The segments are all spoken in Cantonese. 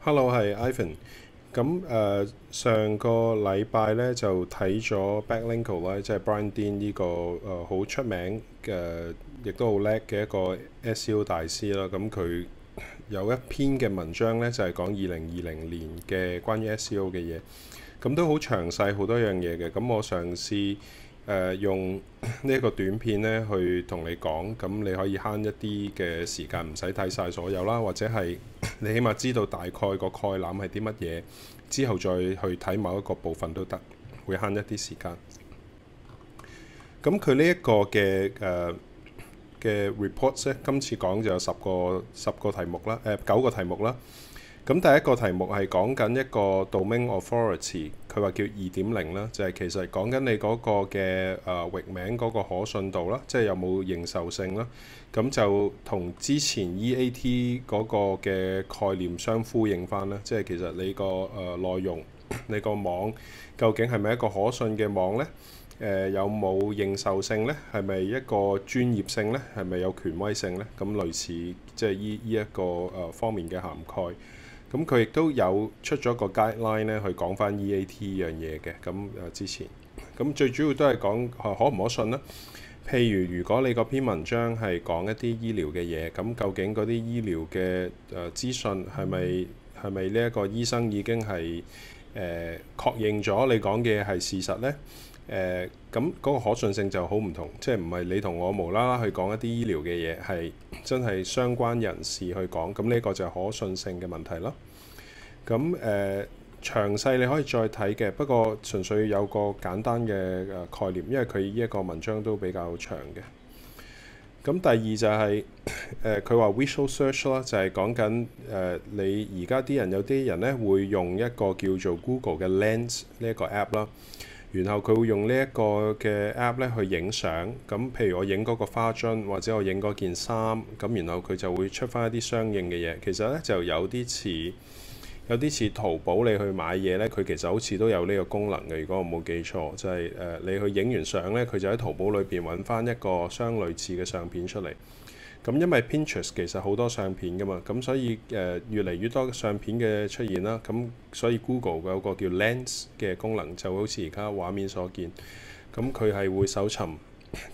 Hello，係 Ivan。咁、呃、誒上個禮拜咧就睇咗 Backlinko 啦，即、就、係、是、Brian Dean 呢、這個誒好、呃、出名嘅、呃，亦都好叻嘅一個 SEO 大師啦。咁佢有一篇嘅文章咧，就係、是、講二零二零年嘅關於 SEO 嘅嘢，咁都好詳細好多樣嘢嘅。咁我嘗試。誒、呃、用呢一個短片咧，去同你講，咁你可以慳一啲嘅時間，唔使睇晒所有啦，或者係你起碼知道大概個概覽係啲乜嘢，之後再去睇某一個部分都得，會慳一啲時間。咁佢、呃、呢一個嘅誒嘅 report 咧，今次講就有十個十個題目啦，誒、呃、九個題目啦。咁第一個題目係講緊一個 Domain Authority，佢話叫二點零啦，就係其實講緊你嗰個嘅誒域名嗰個可信度啦，即係有冇認受性啦。咁就同之前 EAT 嗰個嘅概念相呼應返啦，即係其實你個誒內容、你個網究竟係咪一個可信嘅網呢？誒有冇認受性呢？係咪一個專業性呢？係咪有權威性呢？咁類似即係依依一個誒方面嘅涵蓋。咁佢亦都有出咗個 guideline 咧去講翻 EAT 呢樣嘢嘅，咁誒之前，咁最主要都係講可唔可信啦。譬如如果你嗰篇文章係講一啲醫療嘅嘢，咁究竟嗰啲醫療嘅誒資訊係咪係咪呢一個醫生已經係誒確認咗你講嘅係事實呢？誒咁嗰個可信性就好唔同，即係唔係你同我無啦啦去講一啲醫療嘅嘢，係真係相關人士去講。咁呢個就係可信性嘅問題咯。咁誒、uh, 詳細你可以再睇嘅，不過純粹有個簡單嘅概念，因為佢呢一個文章都比較長嘅。咁第二就係、是、誒佢、呃、話 visual search 啦，就係講緊誒你而家啲人有啲人咧會用一個叫做 Google 嘅 Lens 呢一個 app 啦。然後佢會用呢一個嘅 App 咧去影相，咁譬如我影嗰個花樽或者我影嗰件衫，咁然後佢就會出翻一啲相應嘅嘢。其實呢，就有啲似有啲似淘寶你去買嘢呢，佢其實好似都有呢個功能嘅。如果我冇記錯，就係誒你去影完相呢，佢就喺淘寶裏邊揾翻一個相類似嘅相片出嚟。咁因為 Pinterest 其實好多相片噶嘛，咁所以誒、呃、越嚟越多相片嘅出現啦，咁所以 Google 有個叫 Lens 嘅功能，就好似而家畫面所見，咁佢係會搜尋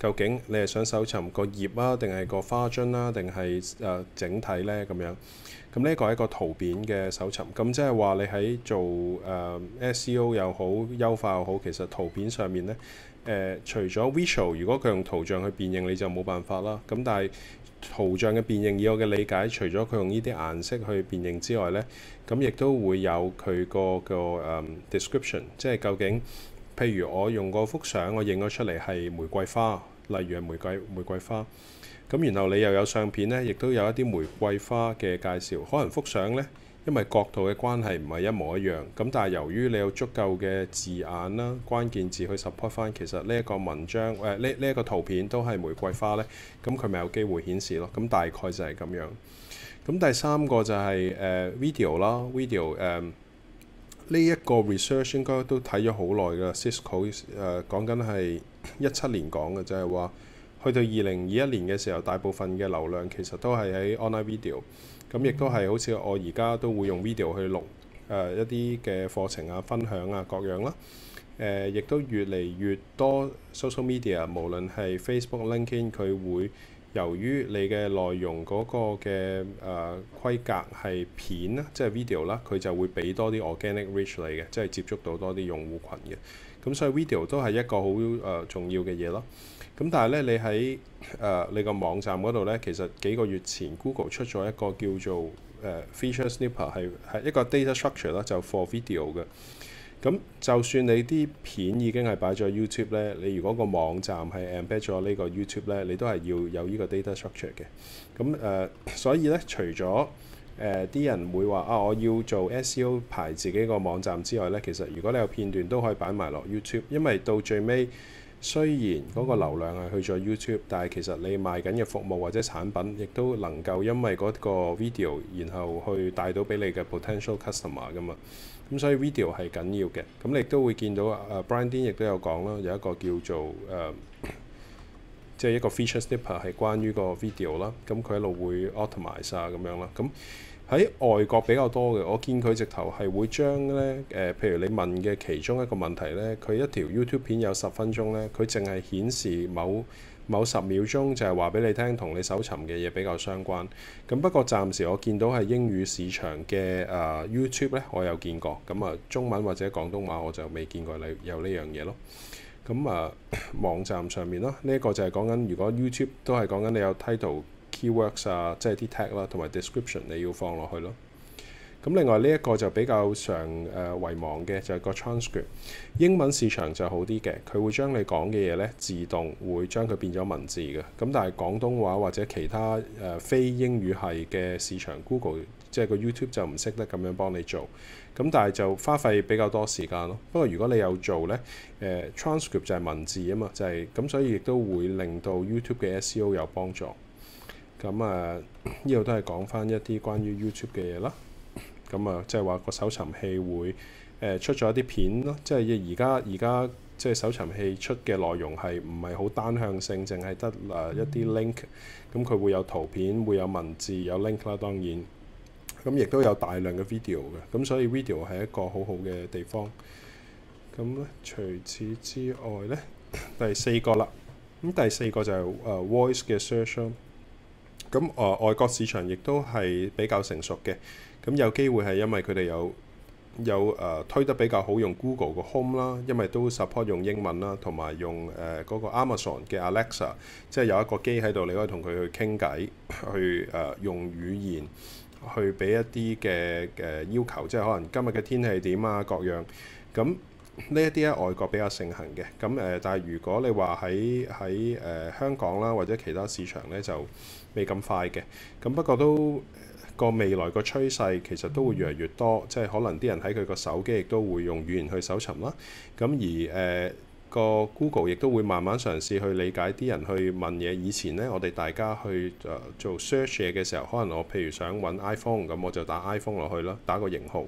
究竟你係想搜尋個葉啊，定係個花樽啦、啊，定係誒整體咧咁樣，咁呢個係一個圖片嘅搜尋，咁即係話你喺做誒、呃、SEO 又好，優化又好，其實圖片上面咧。呃，除咗 visual，如果佢用圖像去辨認，你就冇辦法啦。咁但係圖像嘅辨認，以我嘅理解，除咗佢用呢啲顏色去辨認之外呢，咁亦都會有佢個個 description，即係究竟譬如我用個幅相，我影咗出嚟係玫瑰花，例如係玫瑰玫瑰花咁，然後你又有相片呢，亦都有一啲玫瑰花嘅介紹，可能幅相呢。因為角度嘅關係唔係一模一樣，咁但係由於你有足夠嘅字眼啦、關鍵字去 support 返，其實呢一個文章誒呢呢一個圖片都係玫瑰花呢，咁佢咪有機會顯示咯。咁大概就係咁樣。咁第三個就係、是、誒、呃、video 啦，video 誒呢一個 research 應該都睇咗好耐㗎啦。Cisco 誒講緊係一七年講嘅，就係、是、話去到二零二一年嘅時候，大部分嘅流量其實都係喺 online video。咁亦都係好似我而家都會用 video 去錄誒、呃、一啲嘅課程啊、分享啊各樣啦、啊。誒、呃，亦都越嚟越多 social media，無論係 Facebook、LinkedIn，佢會由於你嘅內容嗰個嘅誒規格係片啦，即係 video 啦，佢就會俾多啲 organic reach 嚟嘅，即係接觸到多啲用戶群嘅。咁、嗯、所以 video 都係一個好誒、呃、重要嘅嘢囉。咁但係咧、呃，你喺誒你個網站嗰度咧，其實幾個月前 Google 出咗一個叫做誒、呃、Feature Snipper 係係一個 data structure 啦，就 for video 嘅。咁、嗯、就算你啲片已經係擺咗 YouTube 咧，你如果個網站係 embed 咗呢個 YouTube 咧，你都係要有呢個 data structure 嘅。咁、嗯、誒、呃，所以咧，除咗誒啲人會話啊，我要做 SEO 排自己個網站之外咧，其實如果你有片段都可以擺埋落 YouTube，因為到最尾。雖然嗰個流量係去咗 YouTube，但係其實你賣緊嘅服務或者產品，亦都能夠因為嗰個 video，然後去帶到俾你嘅 potential customer 噶嘛。咁、嗯、所以 video 係緊要嘅。咁你亦都會見到啊 Brian Dean 亦都有講啦，有一個叫做即係、啊就是、一個 feature snippet 係關於個 video 啦。咁、嗯、佢一路會 optimise 啊咁樣啦。咁、嗯喺外國比較多嘅，我見佢直頭係會將咧誒、呃，譬如你問嘅其中一個問題咧，佢一條 YouTube 片有十分鐘咧，佢淨係顯示某某十秒鐘就係話俾你聽，同你搜尋嘅嘢比較相關。咁不過暫時我見到係英語市場嘅誒、呃、YouTube 咧，我有見過。咁啊中文或者廣東話我就未見過你有呢樣嘢咯。咁啊網站上面咯，呢、這、一個就係講緊如果 YouTube 都係講緊你有 title。keywords 啊，即係啲 tag 啦，同埋 description 你要放落去咯。咁另外呢一個就比較常誒遺忘嘅就係個 transcript，英文市場就好啲嘅，佢會將你講嘅嘢呢，自動會將佢變咗文字嘅。咁但係廣東話或者其他誒非英語系嘅市場，Google 即係個 YouTube 就唔識得咁樣幫你做。咁但係就花費比較多時間咯。不過如果你有做呢誒 transcript 就係文字啊嘛，就係咁，所以亦都會令到 YouTube 嘅 SEO 有幫助。咁啊，呢度、嗯、都係講翻一啲關於 YouTube 嘅嘢啦。咁、嗯、啊，即係話個搜尋器會誒、呃、出咗一啲片咯，即係而家而家即係搜尋器出嘅內容係唔係好單向性，淨係得誒一啲 link、嗯。咁佢、嗯嗯、會有圖片，會有文字，有 link 啦。當然，咁、嗯、亦都有大量嘅 video 嘅。咁、嗯、所以 video 係一個好好嘅地方。咁、嗯、除此之外咧，第四個啦，咁、嗯、第四個就係、是、誒、呃、voice 嘅 search。咁誒、呃，外國市場亦都係比較成熟嘅。咁有機會係因為佢哋有有誒、呃、推得比較好，用 Google 個 Home 啦，因為都 support 用英文啦，同埋用誒嗰、呃個 Amazon 嘅 Alexa，即係有一個機喺度，你可以同佢去傾偈，去誒、呃、用語言去俾一啲嘅誒要求，即係可能今日嘅天氣點啊，各樣咁呢一啲喺外國比較盛行嘅。咁誒、呃，但係如果你話喺喺誒香港啦，或者其他市場咧，就未咁快嘅，咁不過都個未來個趨勢其實都會越嚟越多，即係可能啲人喺佢個手機亦都會用語言去搜尋啦。咁而誒個、呃、Google 亦都會慢慢嘗試去理解啲人去問嘢。以前呢，我哋大家去誒做 search 嘢嘅時候，可能我譬如想揾 iPhone，咁我就打 iPhone 落去咯，打個型號。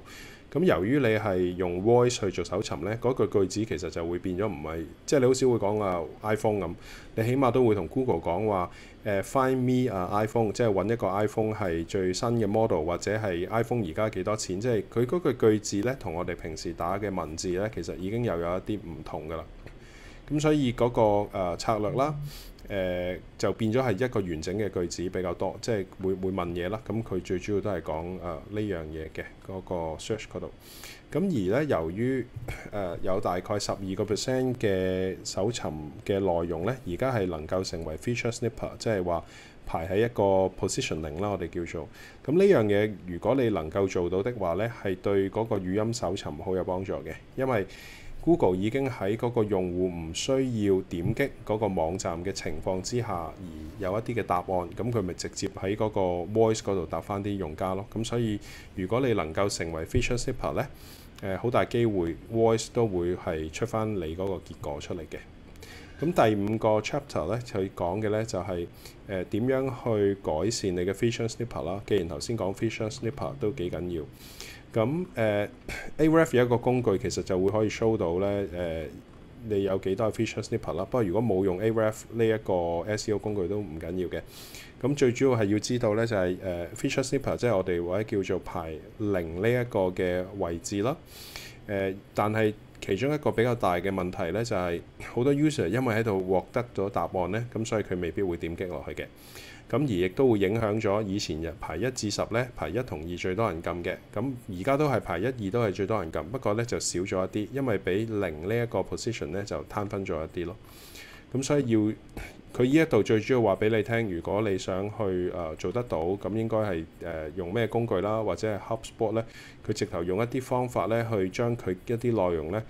咁由於你係用 voice 去做搜尋呢，嗰句句子其實就會變咗唔係，即係你好少會講啊 iPhone 咁，你起碼都會同 Google 講話誒、呃、find me 啊 iPhone，即係揾一個 iPhone 係最新嘅 model 或者係 iPhone 而家幾多錢，即係佢嗰句句子呢，同我哋平時打嘅文字呢，其實已經又有一啲唔同噶啦。咁所以嗰、嗰個、呃、策略啦。誒、呃、就變咗係一個完整嘅句子比較多，即係會會問嘢啦。咁佢最主要都係講啊呢樣嘢嘅嗰個 search 嗰度。咁而咧由於誒、呃、有大概十二個 percent 嘅搜尋嘅內容咧，而家係能夠成為 feature snippet 即係話排喺一個 positioning 啦，我哋叫做。咁呢樣嘢如果你能夠做到的話咧，係對嗰個語音搜尋好有幫助嘅，因為。Google 已經喺嗰個用戶唔需要點擊嗰個網站嘅情況之下，而有一啲嘅答案，咁佢咪直接喺嗰個 Voice 嗰度答翻啲用家咯。咁所以如果你能夠成為 Featured Snippet 咧，誒、呃、好大機會 Voice 都會係出翻你嗰個結果出嚟嘅。咁第五個 Chapter 咧，佢講嘅咧就係誒點樣去改善你嘅 Featured Snippet 啦。既然頭先講 Featured Snippet 都幾緊要。咁誒、呃、Ahref 有一個工具，其實就會可以 show 到咧誒、呃、你有幾多 feature snippet 啦，不過如果冇用 Ahref 呢一個 SEO 工具都唔緊要嘅。咁最主要係要知道咧就係、是、誒、呃、feature snippet 即係我哋或者叫做排零呢一個嘅位置啦。誒、呃，但係其中一個比較大嘅問題咧就係、是、好多 user 因為喺度獲得咗答案咧，咁所以佢未必會點擊落去嘅。咁而亦都會影響咗以前嘅排一至十呢，排一同二最多人撳嘅。咁而家都係排一二都係最多人撳，不過呢就少咗一啲，因為比零呢一個 position 呢就攤分咗一啲咯。咁所以要佢呢一度最主要話俾你聽，如果你想去誒、呃、做得到，咁應該係誒用咩工具啦，或者係 HubSpot 呢，佢直頭用一啲方法呢去將佢一啲內容呢。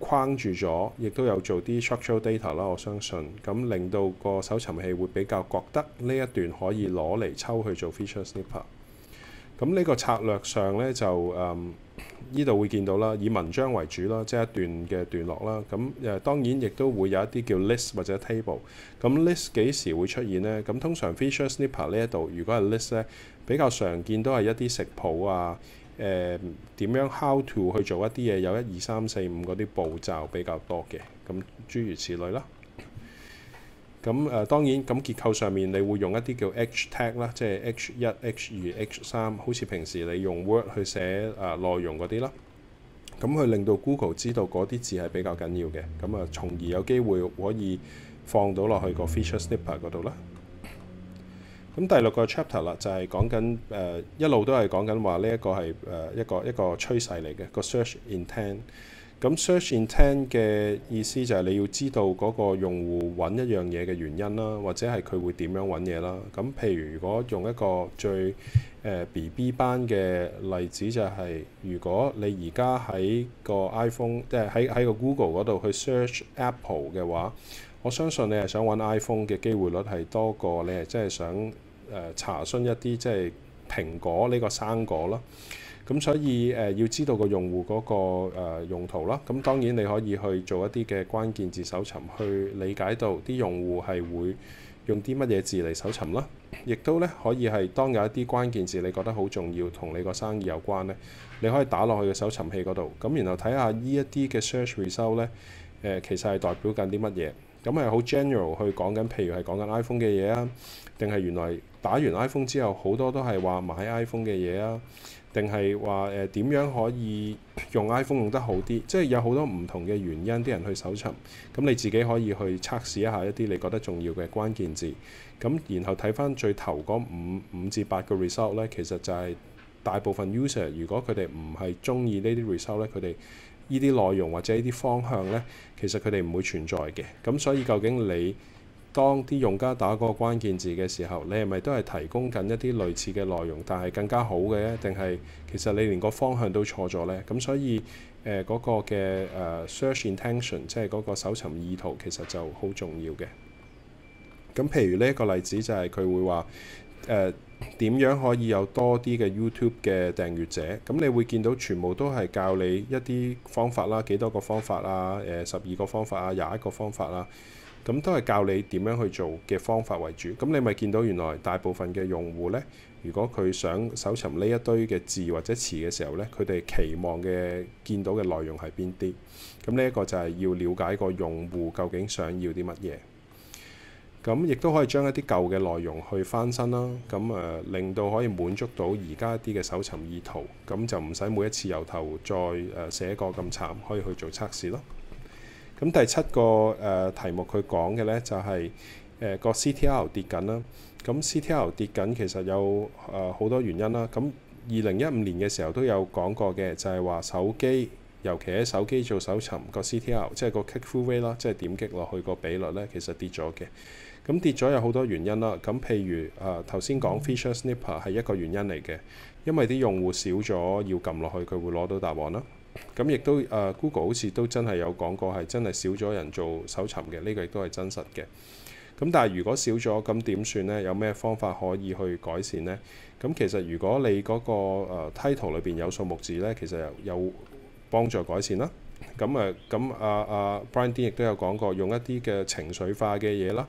框住咗，亦都有做啲 structural data 啦。我相信，咁令到個搜尋器會比較覺得呢一段可以攞嚟抽去做 feature snipper。咁呢個策略上呢，就呢度、嗯、會見到啦，以文章為主啦，即係一段嘅段落啦。咁誒當然亦都會有一啲叫 list 或者 table。咁 list 幾時會出現呢？咁通常 feature snipper 呢一度，如果係 list 咧，比較常見都係一啲食譜啊。誒點、嗯、樣 how to 去做一啲嘢，有一二三四五嗰啲步驟比較多嘅，咁諸如此類啦。咁誒、呃、當然，咁結構上面你會用一啲叫 h tag 啦，即係 h 一、h 二、h 三，好似平時你用 word 去寫啊、呃、內容嗰啲啦。咁去令到 Google 知道嗰啲字係比較緊要嘅，咁啊從而有機會可以放到落去個 feature snippet 嗰度啦。咁第六個 chapter 啦，就係講緊誒一路都係講緊話呢一個係誒一個一個趨勢嚟嘅個 search intent。咁 search intent 嘅意思就係你要知道嗰個用戶揾一樣嘢嘅原因啦，或者係佢會點樣揾嘢啦。咁譬如如果用一個最、呃、BB 班嘅例子，就係如果你而家喺個 iPhone，即係喺喺個 Google 嗰度去 search Apple 嘅話，我相信你係想揾 iPhone 嘅機會率係多過你係真係想。查詢一啲即係蘋果呢、這個生果咯，咁所以誒、呃、要知道個用戶嗰、那個、呃、用途咯，咁當然你可以去做一啲嘅關鍵字搜尋，去理解到啲用戶係會用啲乜嘢字嚟搜尋啦，亦都咧可以係當有一啲關鍵字你覺得好重要同你個生意有關咧，你可以打落去個搜尋器嗰度，咁然後睇下呢一啲嘅 search result 咧，誒、呃、其實係代表緊啲乜嘢？咁係好 general 去講緊，譬如係講緊 iPhone 嘅嘢啊，定係原來打完 iPhone 之後，好多都係話買 iPhone 嘅嘢啊，定係話誒點樣可以用 iPhone 用得好啲？即係有好多唔同嘅原因，啲人去搜尋。咁你自己可以去測試一下一啲你覺得重要嘅關鍵字。咁然後睇返最頭嗰五五至八個 result 咧，其實就係大部分 user 如果佢哋唔係鍾意呢啲 result 咧，佢哋呢啲內容或者呢啲方向呢，其實佢哋唔會存在嘅。咁所以究竟你當啲用家打嗰個關鍵字嘅時候，你係咪都係提供緊一啲類似嘅內容，但係更加好嘅呢？定係其實你連個方向都錯咗呢？咁所以誒嗰個嘅誒 search intention，即係嗰個搜尋意圖，其實就好重要嘅。咁譬如呢一個例子就係佢會話。誒、呃、點樣可以有多啲嘅 YouTube 嘅訂閱者？咁你會見到全部都係教你一啲方法啦，幾多個方法啊？誒、呃，十二個方法啊，廿一個方法啦。咁都係教你點樣去做嘅方法為主。咁你咪見到原來大部分嘅用戶呢，如果佢想搜尋呢一堆嘅字或者詞嘅時候呢，佢哋期望嘅見到嘅內容係邊啲？咁呢一個就係要了解個用戶究竟想要啲乜嘢。咁亦都可以將一啲舊嘅內容去翻新啦，咁誒令到可以滿足到而家啲嘅搜尋意圖，咁就唔使每一次由頭再誒寫過咁慘，可以去做測試咯。咁第七個誒、呃、題目佢講嘅呢就係、是、誒個、呃、CTR 跌緊啦，咁 CTR 跌緊其實有誒好、呃、多原因啦。咁二零一五年嘅時候都有講過嘅，就係、是、話手機。尤其喺手機做搜尋 CT 個 CTR，即係個 click f r o u g a t e 啦，即係點擊落去個比率咧，其實跌咗嘅。咁跌咗有好多原因啦。咁譬如誒頭、呃、先講 feature snipper 係一個原因嚟嘅，因為啲用戶少咗要撳落去佢會攞到答案啦。咁亦都誒、呃、Google 好似都真係有講過係真係少咗人做搜尋嘅，呢、這個亦都係真實嘅。咁但係如果少咗咁點算呢？有咩方法可以去改善呢？咁其實如果你嗰、那個 t 梯圖裏邊有數目字咧，其實又又。有有幫助改善啦，咁啊，咁啊阿 Brian Dean 亦都有講過，用一啲嘅情緒化嘅嘢啦，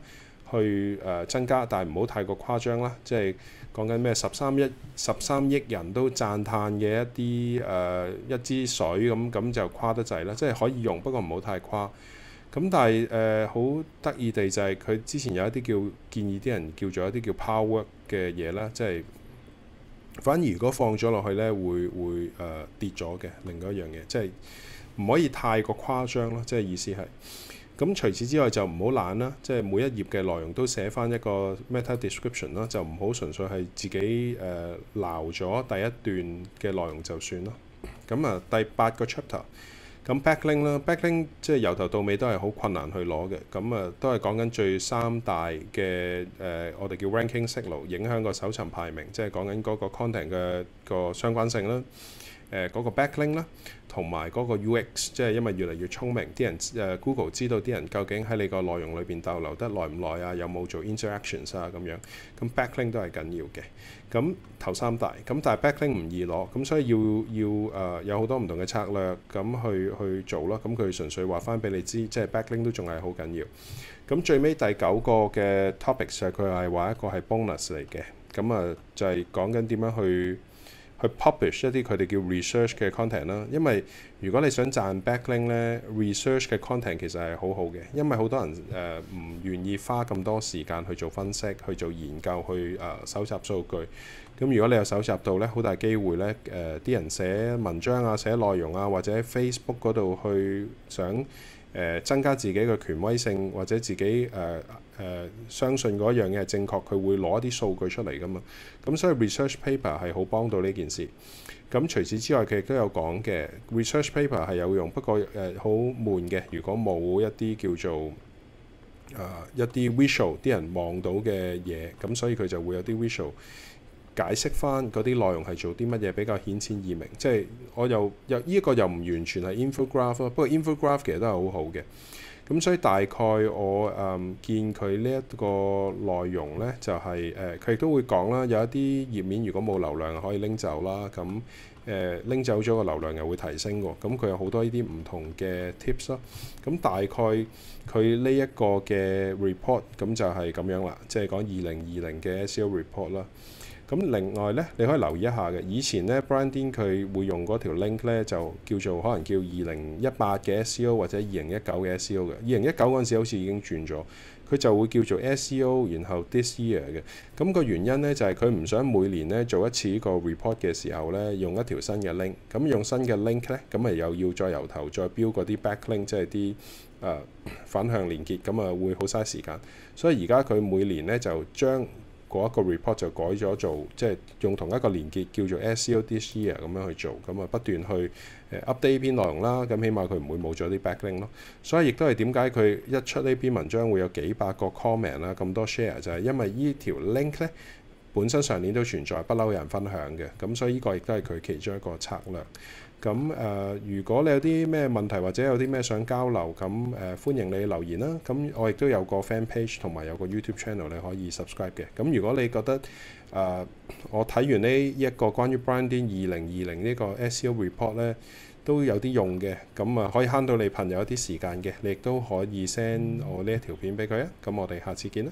去、uh, 誒增加，但係唔好太過誇張啦，即係講緊咩十三億十三億人都讚歎嘅一啲誒、uh, 一支水咁，咁就誇得滯啦，即係可以用，不過唔好太誇。咁但係誒好得意地就係、是、佢之前有一啲叫建議啲人叫做一啲叫 Power Work 嘅嘢啦，即係。反而如果放咗落去呢，會會誒跌咗嘅。另外一樣嘢，即係唔可以太過誇張咯。即係意思係，咁除此之外就唔好懶啦。即係每一頁嘅內容都寫翻一個 meta description 啦，就唔好純粹係自己誒鬧咗第一段嘅內容就算啦。咁啊，第八個 chapter。咁 backlink 啦，backlink 即係由頭到尾都係好困難去攞嘅，咁啊都係講緊最三大嘅誒、呃，我哋叫 ranking signal，影響個搜尋排名，即係講緊嗰個 content 嘅個相關性啦。誒嗰個 backlink 啦，同埋嗰個 UX，即係因為越嚟越聰明，啲人誒 Google 知道啲人究竟喺你個內容裏邊逗留得耐唔耐啊，有冇做 interactions 啊咁樣，咁 backlink 都係緊要嘅。咁頭三大，咁但係 backlink 唔易攞，咁所以要要誒有好多唔同嘅策略咁去去做咯。咁佢純粹話翻俾你知，即係 backlink 都仲係好緊要。咁最尾第九個嘅 topics 其實佢係話一個係 bonus 嚟嘅，咁啊就係講緊點樣去。去 publish 一啲佢哋叫 research 嘅 content 啦，因為如果你想賺 backlink 咧，research 嘅 content 其實係好好嘅，因為好多人誒唔、呃、願意花咁多時間去做分析、去做研究、去誒蒐、呃、集數據，咁如果你有搜集到咧，好大機會咧誒啲人寫文章啊、寫內容啊，或者 Facebook 嗰度去想。誒、呃、增加自己嘅權威性，或者自己誒誒、呃呃、相信嗰樣嘢係正確，佢會攞一啲數據出嚟㗎嘛。咁所以 research paper 係好幫到呢件事。咁除此之外，佢亦都有講嘅。research paper 係有用，不過誒好、呃、悶嘅。如果冇一啲叫做誒、呃、一啲 visual，啲人望到嘅嘢，咁所以佢就會有啲 visual。解釋翻嗰啲內容係做啲乜嘢比較顯淺易明，即係我又又依一、這個又唔完全係 infograph 咯，不過 infograph 其實都係好好嘅。咁所以大概我誒、嗯、見佢呢一個內容呢，就係誒佢亦都會講啦。有一啲頁面如果冇流量可以拎走啦，咁誒拎走咗個流量又會提升喎。咁佢有好多呢啲唔同嘅 tips 咯。咁大概佢呢一個嘅 report 咁就係咁樣啦，即係講二零二零嘅 SEO report 啦。咁另外咧，你可以留意一下嘅。以前咧，Brian Dean 佢會用嗰條 link 咧，就叫做可能叫二零一八嘅 SEO 或者二零一九嘅 SEO 嘅。二零一九嗰陣時好似已經轉咗，佢就會叫做 SEO，然後 this year 嘅。咁個原因咧就係佢唔想每年咧做一次個 report 嘅時候咧用一條新嘅 link。咁用新嘅 link 咧，咁啊又要再由頭再標嗰啲 back link，即係啲誒反向連結，咁啊會好嘥時間。所以而家佢每年咧就將嗰一個 report 就改咗做，即係用同一個連結叫做 SEO this year 啊，咁樣去做，咁啊不斷去 update 呢篇內容啦，咁起碼佢唔會冇咗啲 backlink 咯。所以亦都係點解佢一出呢篇文章會有幾百個 comment 啦，咁多 share 就係因為呢條 link 咧本身上年都存在，不嬲有人分享嘅，咁所以呢個亦都係佢其中一個策略。咁誒、呃、如果你有啲咩問題或者有啲咩想交流，咁誒、呃、歡迎你留言啦、啊。咁我亦都有個 fan page 同埋有個 YouTube channel，你可以 subscribe 嘅。咁如果你覺得誒、呃、我睇完呢一個關於 Branding 二零二零呢個 SCL report 咧都有啲用嘅，咁啊可以慳到你朋友一啲時間嘅，你亦都可以 send 我呢一條片俾佢啊。咁我哋下次見啦。